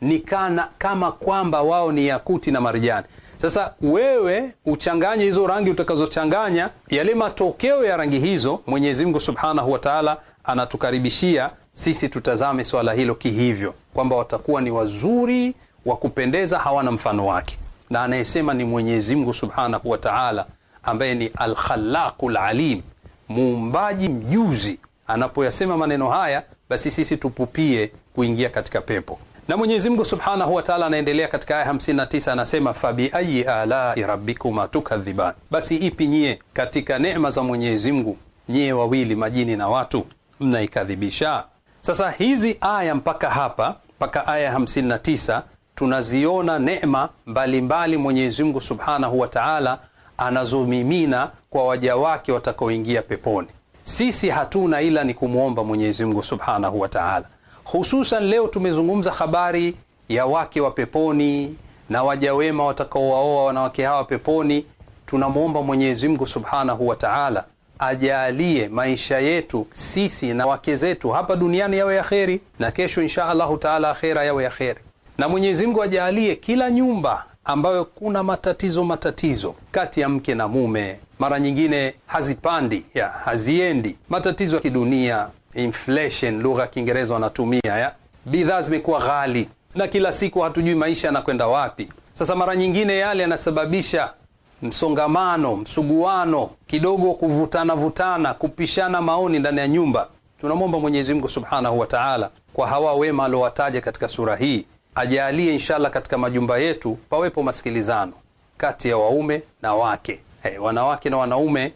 ni kana, kama kwamba wao ni yakuti na marjani. Sasa wewe uchanganye hizo rangi utakazochanganya, yale matokeo ya rangi hizo, Mwenyezi Mungu Subhanahu wataala anatukaribishia sisi tutazame swala hilo kihivyo, kwamba watakuwa ni wazuri wa kupendeza, hawana mfano wake, na anayesema ni Mwenyezi Mungu Subhanahu wataala ambaye ni alkhalaqu lalim muumbaji mjuzi. Anapoyasema maneno haya, basi sisi tupupie kuingia katika pepo. Na Mwenyezi Mungu Subhanahu wa Ta'ala anaendelea katika aya 59 anasema, fabiayi alai rabbikuma tukadhiban, basi ipi nyie katika neema za Mwenyezi Mungu nyie wawili majini na watu mnaikadhibisha. Sasa hizi aya mpaka hapa mpaka aya 59 tunaziona neema mbalimbali Mwenyezi Mungu Subhanahu wa Ta'ala anazomimina kwa waja wake watakaoingia peponi. Sisi hatuna ila ni kumwomba Mwenyezi Mungu Subhanahu wa Ta'ala. Hususan leo tumezungumza habari ya wake wa peponi na wajawema watakaowaoa wanawake hawa peponi. Tunamwomba Mwenyezi Mungu subhanahu wa taala ajaalie maisha yetu sisi na wake zetu hapa duniani yawe ya kheri, na kesho insha allahu taala akhera yawe ya kheri, na Mwenyezi Mungu ajaalie kila nyumba ambayo kuna matatizo matatizo kati ya mke na mume, mara nyingine hazipandi ya haziendi, matatizo ya kidunia inflation, lugha ya Kiingereza wanatumia ya bidhaa zimekuwa ghali, na kila siku hatujui maisha yanakwenda wapi. Sasa mara nyingine yale yanasababisha msongamano, msuguano kidogo, kuvutana vutana, kupishana maoni ndani ya nyumba. Tunamwomba Mwenyezi Mungu Subhanahu wa Ta'ala kwa hawa wema aliowataja katika sura hii, ajaalie inshallah katika majumba yetu pawepo masikilizano kati ya waume na wake. Hey, wanawake na wanaume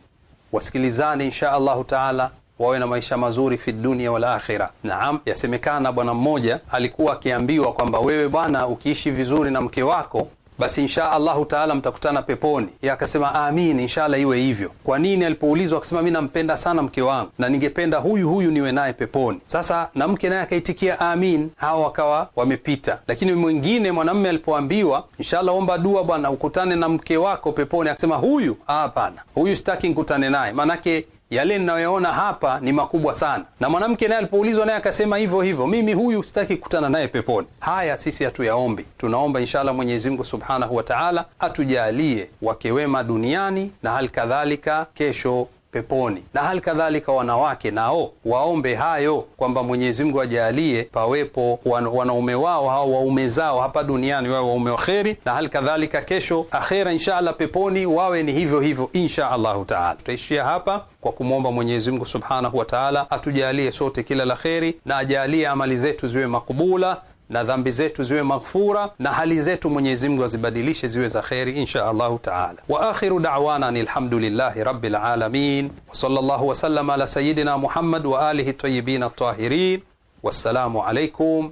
wasikilizane insha Allahu Ta'ala wawe na maisha mazuri fi dunia walakhira akhira. Naam, yasemekana bwana mmoja alikuwa akiambiwa kwamba wewe bwana, ukiishi vizuri na mke wako basi insha Allahu taala mtakutana peponi. Ye akasema amin, inshallah iwe hivyo. Kwa nini? Alipoulizwa akasema mi nampenda sana mke wangu na ningependa huyu huyu niwe naye peponi. Sasa na mke naye akaitikia amin, hawa wakawa wamepita. Lakini mwingine mwanamme alipoambiwa, inshallah omba dua bwana ukutane na mke wako peponi, akasema huyu hapana, huyu sitaki nkutane naye, maanake yale ninayoona hapa ni makubwa sana. Na mwanamke naye alipoulizwa, naye akasema hivyo hivyo, mimi huyu sitaki kukutana naye peponi. Haya sisi hatuyaombi, tunaomba inshallah Mwenyezi Mungu subhanahu wa taala atujalie wake wema duniani na hali kadhalika kesho peponi. Na hali kadhalika wanawake nao waombe hayo, kwamba Mwenyezi Mungu ajalie pawepo wan, wanaume wao hao waume zao hapa duniani wawe waume wa kheri, na hali kadhalika kesho akhera insha allah peponi wawe ni hivyo hivyo insha allahu taala. Tutaishia hapa kwa kumwomba Mwenyezi Mungu subhanahu wa taala atujalie sote kila la kheri na ajalie amali zetu ziwe makubula. na dhambi zetu ziwe maghfura na hali zetu Mwenyezi Mungu azibadilishe ziwe za kheri insha Allahu taala. Wa akhiru da'wana alhamdulillahi rabbil alamin wa sallallahu wa sallama ala sayidina Muhammad wa alihi tayyibin at-tahirin. Wassalamu alaykum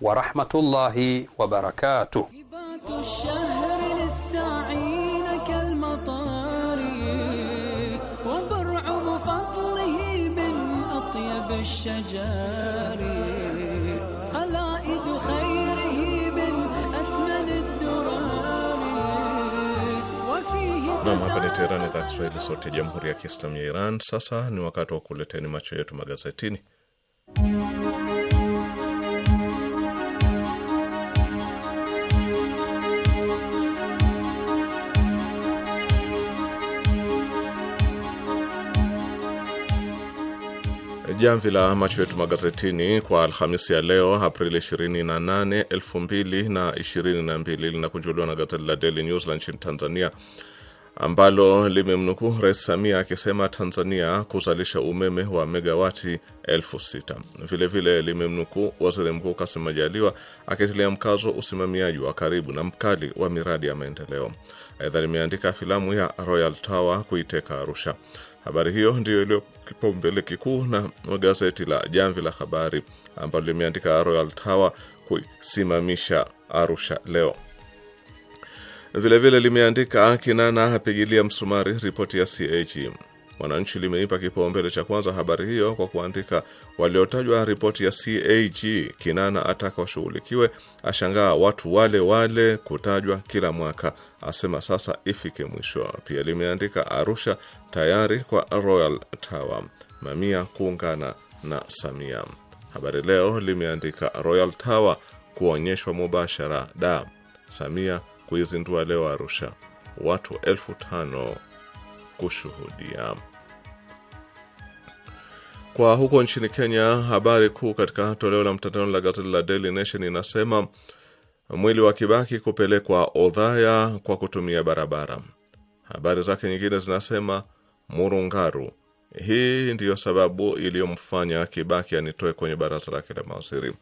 wa rahmatullahi wa barakatuh. الشجر Nam, hapa ni Teherani, idhaa Kiswahili ya jamhuri ya Kiislamu ya Iran. Sasa ni wakati wa kuleteni macho yetu magazetini. Jamvi la macho yetu magazetini kwa Alhamisi ya leo Aprili 28, 2022 linakunjuliwa na gazeti la Daily News la nchini Tanzania ambalo limemnukuu Rais Samia akisema Tanzania kuzalisha umeme wa megawati elfu sita. Vilevile limemnukuu Waziri Mkuu Kassim Majaliwa akitilia mkazo usimamiaji wa karibu na mkali wa miradi ya maendeleo. Aidha limeandika filamu ya Royal Tower kuiteka Arusha. Habari hiyo ndiyo iliyo kipaumbele kikuu na gazeti la Jamvi la Habari ambalo limeandika Royal Tower kuisimamisha Arusha leo. Vilevile limeandika kinana na hapigilia msumari ripoti ya CAG. Mwananchi limeipa kipaumbele cha kwanza habari hiyo kwa kuandika waliotajwa ripoti ya CAG, Kinana ataka washughulikiwe, ashangaa watu wale wale kutajwa kila mwaka, asema sasa ifike mwisho. Pia limeandika Arusha tayari kwa Royal Tower, mamia kuungana na Samia. Habari Leo limeandika Royal Tower kuonyeshwa mubashara, da Samia kuizindua leo Arusha, watu elfu tano kushuhudia. Kwa huko nchini Kenya, habari kuu katika toleo la mtandao la gazeti la Daily Nation inasema mwili wa Kibaki kupelekwa Odhaya kwa kutumia barabara. Habari zake nyingine zinasema Murungaru, hii ndiyo sababu iliyomfanya Kibaki anitoe kwenye baraza lake la mawaziri.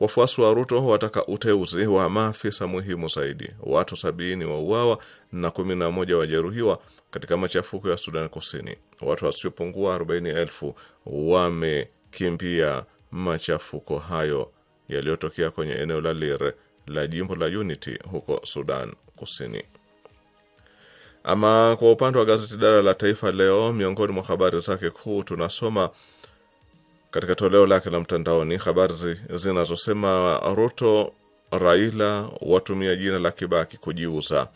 Wafuasi wa Ruto wataka uteuzi wa maafisa muhimu zaidi. Watu sabini wa uawa na kumi na moja wajeruhiwa katika machafuko ya Sudan Kusini. Watu wasiopungua arobaini elfu wamekimbia machafuko hayo yaliyotokea kwenye eneo la Lir la jimbo la Unity huko Sudan Kusini. Ama kwa upande wa gazeti dada la Taifa Leo, miongoni mwa habari zake kuu tunasoma katika toleo lake la mtandaoni habari zinazosema Ruto Raila watumia jina la Kibaki kujiuza.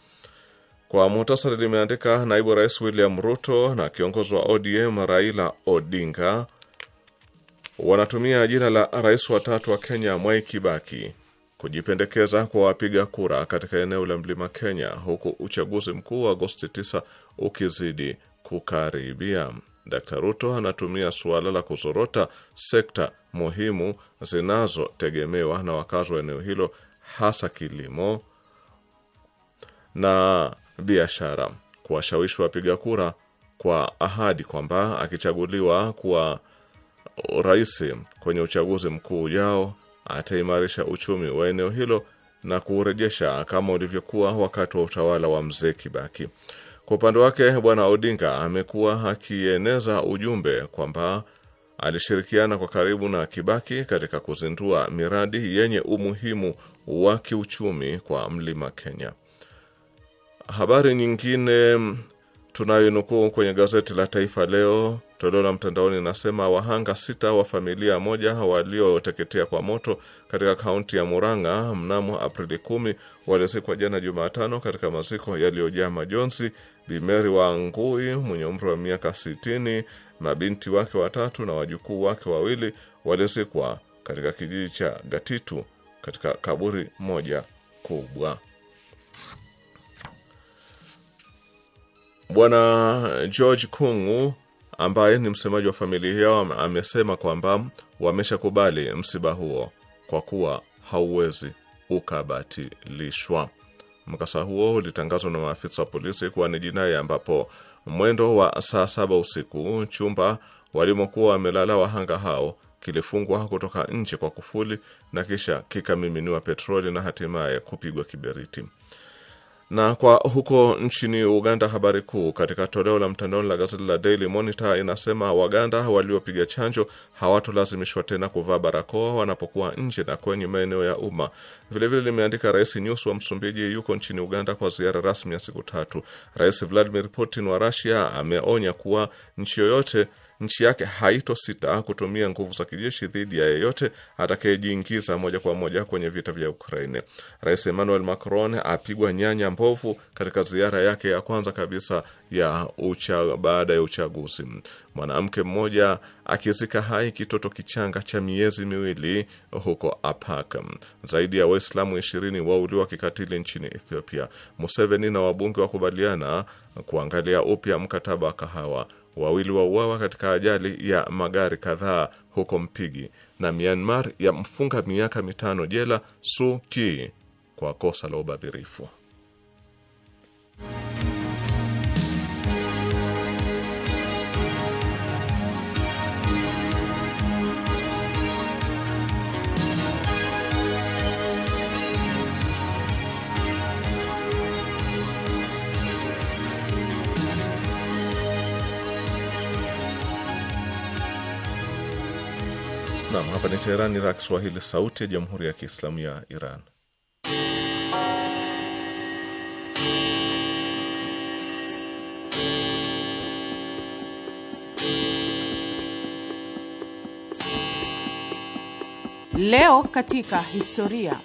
Kwa muhtasari, limeandika naibu rais William Ruto na kiongozi wa ODM Raila Odinga wanatumia jina la rais wa tatu wa Kenya Mwai Kibaki kujipendekeza kwa wapiga kura katika eneo la mlima Kenya, huku uchaguzi mkuu wa Agosti 9 ukizidi kukaribia. Dkt. Ruto anatumia suala la kuzorota sekta muhimu zinazotegemewa na wakazi wa eneo hilo, hasa kilimo na biashara, kuwashawishi wapiga kura kwa ahadi kwamba akichaguliwa kuwa rais kwenye uchaguzi mkuu ujao ataimarisha uchumi wa eneo hilo na kuurejesha kama ulivyokuwa wakati wa utawala wa mzee Kibaki. Kwa upande wake, Bwana Odinga amekuwa akieneza ujumbe kwamba alishirikiana kwa karibu na Kibaki katika kuzindua miradi yenye umuhimu wa kiuchumi kwa mlima Kenya. Habari nyingine tunayoinukuu kwenye gazeti la Taifa Leo toleo la mtandaoni inasema wahanga sita wa familia moja walioteketea kwa moto katika kaunti ya Murang'a mnamo Aprili kumi walizikwa jana Jumatano katika maziko yaliyojaa majonzi Bimeri wa Ngui mwenye umri wa miaka sitini, mabinti wake watatu na wajukuu wake wawili walizikwa katika kijiji cha Gatitu katika kaburi moja kubwa. Bwana George Kung'u ambaye ni msemaji wa familia yao amesema kwamba wameshakubali msiba huo kwa kuwa hauwezi ukabatilishwa. Mkasa huo ulitangazwa na maafisa wa polisi kuwa ni jinai, ambapo mwendo wa saa saba usiku chumba walimokuwa wamelala wahanga hao kilifungwa kutoka nje kwa kufuli na kisha kikamiminiwa petroli na hatimaye kupigwa kiberiti. Na kwa huko nchini Uganda, habari kuu katika toleo la mtandaoni la gazeti la Daily Monitor inasema Waganda waliopiga chanjo hawatolazimishwa tena kuvaa barakoa wanapokuwa nje na kwenye maeneo ya umma. Vilevile limeandika Rais Nyusi wa Msumbiji yuko nchini Uganda kwa ziara rasmi ya siku tatu. Rais Vladimir Putin wa Russia ameonya kuwa nchi yoyote nchi yake haitosita kutumia nguvu za kijeshi dhidi ya yeyote atakayejiingiza moja kwa moja kwenye vita vya Ukraine. Rais Emmanuel Macron apigwa nyanya mbovu katika ziara yake ya kwanza kabisa ya ucha baada ya uchaguzi. Mwanamke mmoja akizika hai kitoto kichanga cha miezi miwili huko Apak. Zaidi ya Waislamu ishirini wauliwa kikatili nchini Ethiopia. Museveni na wabunge wakubaliana kuangalia upya mkataba wa kahawa wawili wauawa katika ajali ya magari kadhaa huko Mpigi, na Myanmar yamfunga miaka mitano jela Suu Kyi kwa kosa la ubadhirifu. Nam, hapa ni Teherani, idhaa Kiswahili, sauti ya jamhuri ya kiislamu ya Iran. Leo katika historia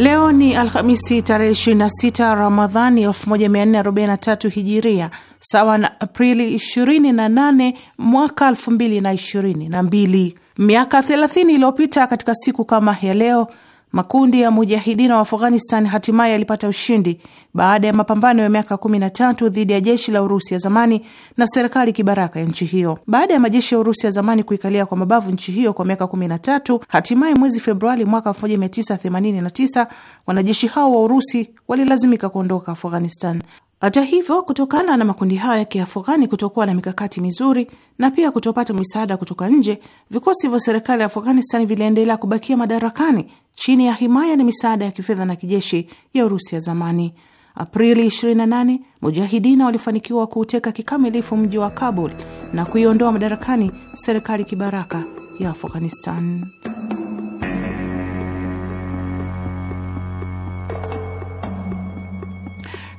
Leo ni Alhamisi tarehe 26 Ramadhani 1443 Hijiria, sawa na Aprili 28 mwaka 2022. Miaka 30 iliyopita katika siku kama ya leo Makundi ya mujahidina wa Afghanistan hatimaye yalipata ushindi baada ya mapambano ya miaka 13 dhidi ya jeshi la Urusi ya zamani na serikali kibaraka ya nchi hiyo. Baada ya majeshi ya Urusi ya zamani kuikalia kwa mabavu nchi hiyo kwa miaka 13, hatimaye mwezi Februari mwaka 1989 wanajeshi hao wa Urusi walilazimika kuondoka Afghanistan. Hata hivyo, kutokana na makundi hayo ya Kiafghani kutokuwa na mikakati mizuri na pia kutopata misaada kutoka nje, vikosi vya serikali ya Afghanistan viliendelea kubakia madarakani chini ya himaya na misaada ya kifedha na kijeshi ya Urusi ya zamani. Aprili 28 mujahidina walifanikiwa kuuteka kikamilifu mji wa Kabul na kuiondoa madarakani serikali kibaraka ya Afghanistan.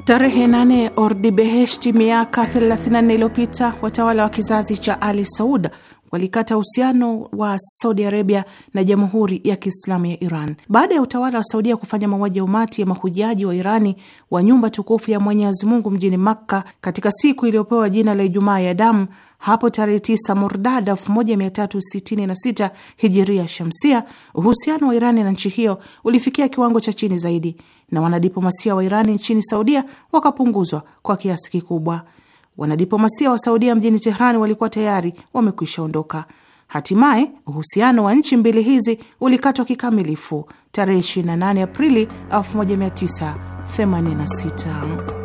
Tarehe 8 Ordibeheshti miaka 34 iliyopita watawala wa kizazi cha Ali Saud walikata uhusiano wa Saudi Arabia na Jamhuri ya Kiislamu ya Iran baada ya utawala wa Saudia kufanya mauaji ya umati ya mahujaji wa Irani wa nyumba tukufu ya Mwenyezi Mungu mjini Makka katika siku iliyopewa jina la Ijumaa ya Damu hapo tarehe 9 Mordad 1366 hijiria shamsia, uhusiano wa Irani na nchi hiyo ulifikia kiwango cha chini zaidi na wanadiplomasia wa Irani nchini Saudia wakapunguzwa kwa kiasi kikubwa. Wanadiplomasia wa Saudia mjini Tehrani walikuwa tayari wamekwisha ondoka. Hatimaye uhusiano wa nchi mbili hizi ulikatwa kikamilifu tarehe 28 Aprili 1986.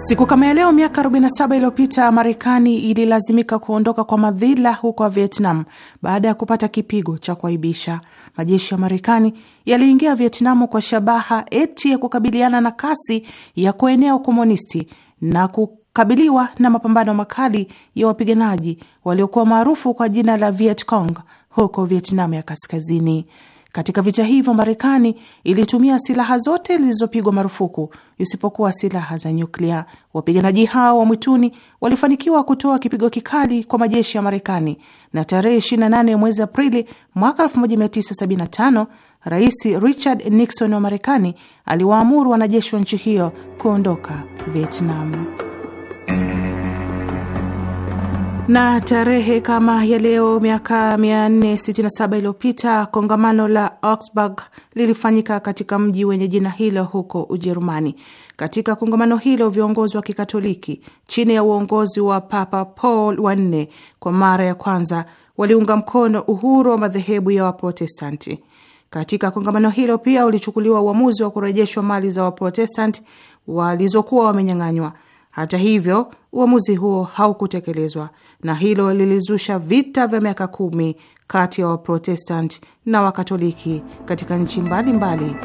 Siku kama ya leo miaka 47 iliyopita Marekani ililazimika kuondoka kwa madhila huko Vietnam baada ya kupata kipigo cha kuaibisha. Majeshi ya Marekani yaliingia Vietnamu kwa shabaha eti ya kukabiliana na kasi ya kuenea ukomunisti na kukabiliwa na mapambano makali ya wapiganaji waliokuwa maarufu kwa jina la Viet Cong huko Vietnam ya kaskazini. Katika vita hivyo, Marekani ilitumia silaha zote zilizopigwa marufuku isipokuwa silaha za nyuklia. Wapiganaji hao wa mwituni walifanikiwa kutoa kipigo kikali kwa majeshi ya Marekani, na tarehe 28 mwezi Aprili mwaka 1975 Rais Richard Nixon wa Marekani aliwaamuru wanajeshi wa nchi hiyo kuondoka Vietnam na tarehe kama ya leo miaka 467 iliyopita kongamano la Augsburg lilifanyika katika mji wenye jina hilo huko Ujerumani. Katika kongamano hilo viongozi wa Kikatoliki chini ya uongozi wa Papa Paul wa nne kwa mara ya kwanza waliunga mkono uhuru wa madhehebu ya Waprotestanti. Katika kongamano hilo pia ulichukuliwa uamuzi wa kurejeshwa mali za Waprotestanti walizokuwa wamenyang'anywa hata hivyo, uamuzi huo haukutekelezwa na hilo lilizusha vita vya miaka kumi kati ya waprotestant na Wakatoliki katika nchi mbalimbali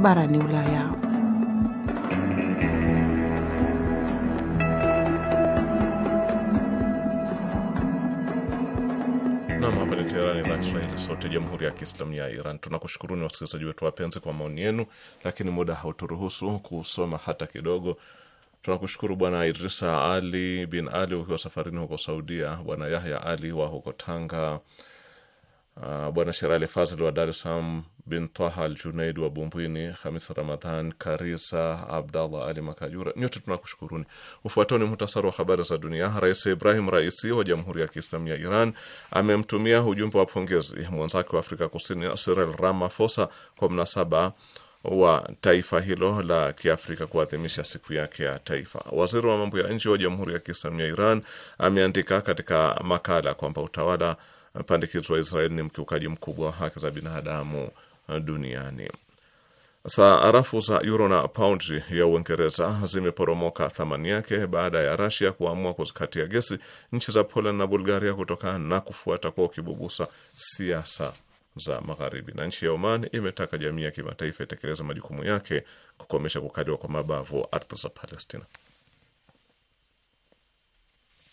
barani Ulaya. Teherani, Kiswahili, sote jamhuri ya kiislamu ya Iran. Tunakushukuruni wasikilizaji wetu wapenzi kwa maoni yenu, lakini muda hauturuhusu kusoma hata kidogo Tunakushukuru Bwana Idrisa Ali bin Ali ukiwa safarini huko Saudia, Bwana Yahya Ali wa huko Tanga, uh, Bwana Sherali Fazl wa Dar es Salaam, bin Taha al Junaid wa Bumbwini, Hamis Ramadhan Karisa, Abdallah Ali Makajura, nyote tunakushukuruni. Ufuatao ni muhtasari wa habari za dunia. Rais Ibrahim Raisi wa Jamhuri ya Kiislamu ya Iran amemtumia ujumbe wa pongezi mwenzake wa Afrika Kusini Cyril Ramaphosa kwa mnasaba wa taifa hilo la Kiafrika kuadhimisha siku yake ya taifa. Waziri wa mambo ya nje wa Jamhuri ya Kiislamu ya Iran ameandika katika makala kwamba utawala pandikizo wa Israeli ni mkiukaji mkubwa wa haki za binadamu duniani. Sarafu za euro na pound ya Uingereza zimeporomoka thamani yake baada ya Rasia kuamua kuzikatia gesi nchi za Poland na Bulgaria kutokana na kufuata kwa ukibubusa siasa za Magharibi, na nchi ya Oman imetaka jamii ya kimataifa itekeleze majukumu yake kukomesha kukaliwa kwa mabavu ardhi za Palestina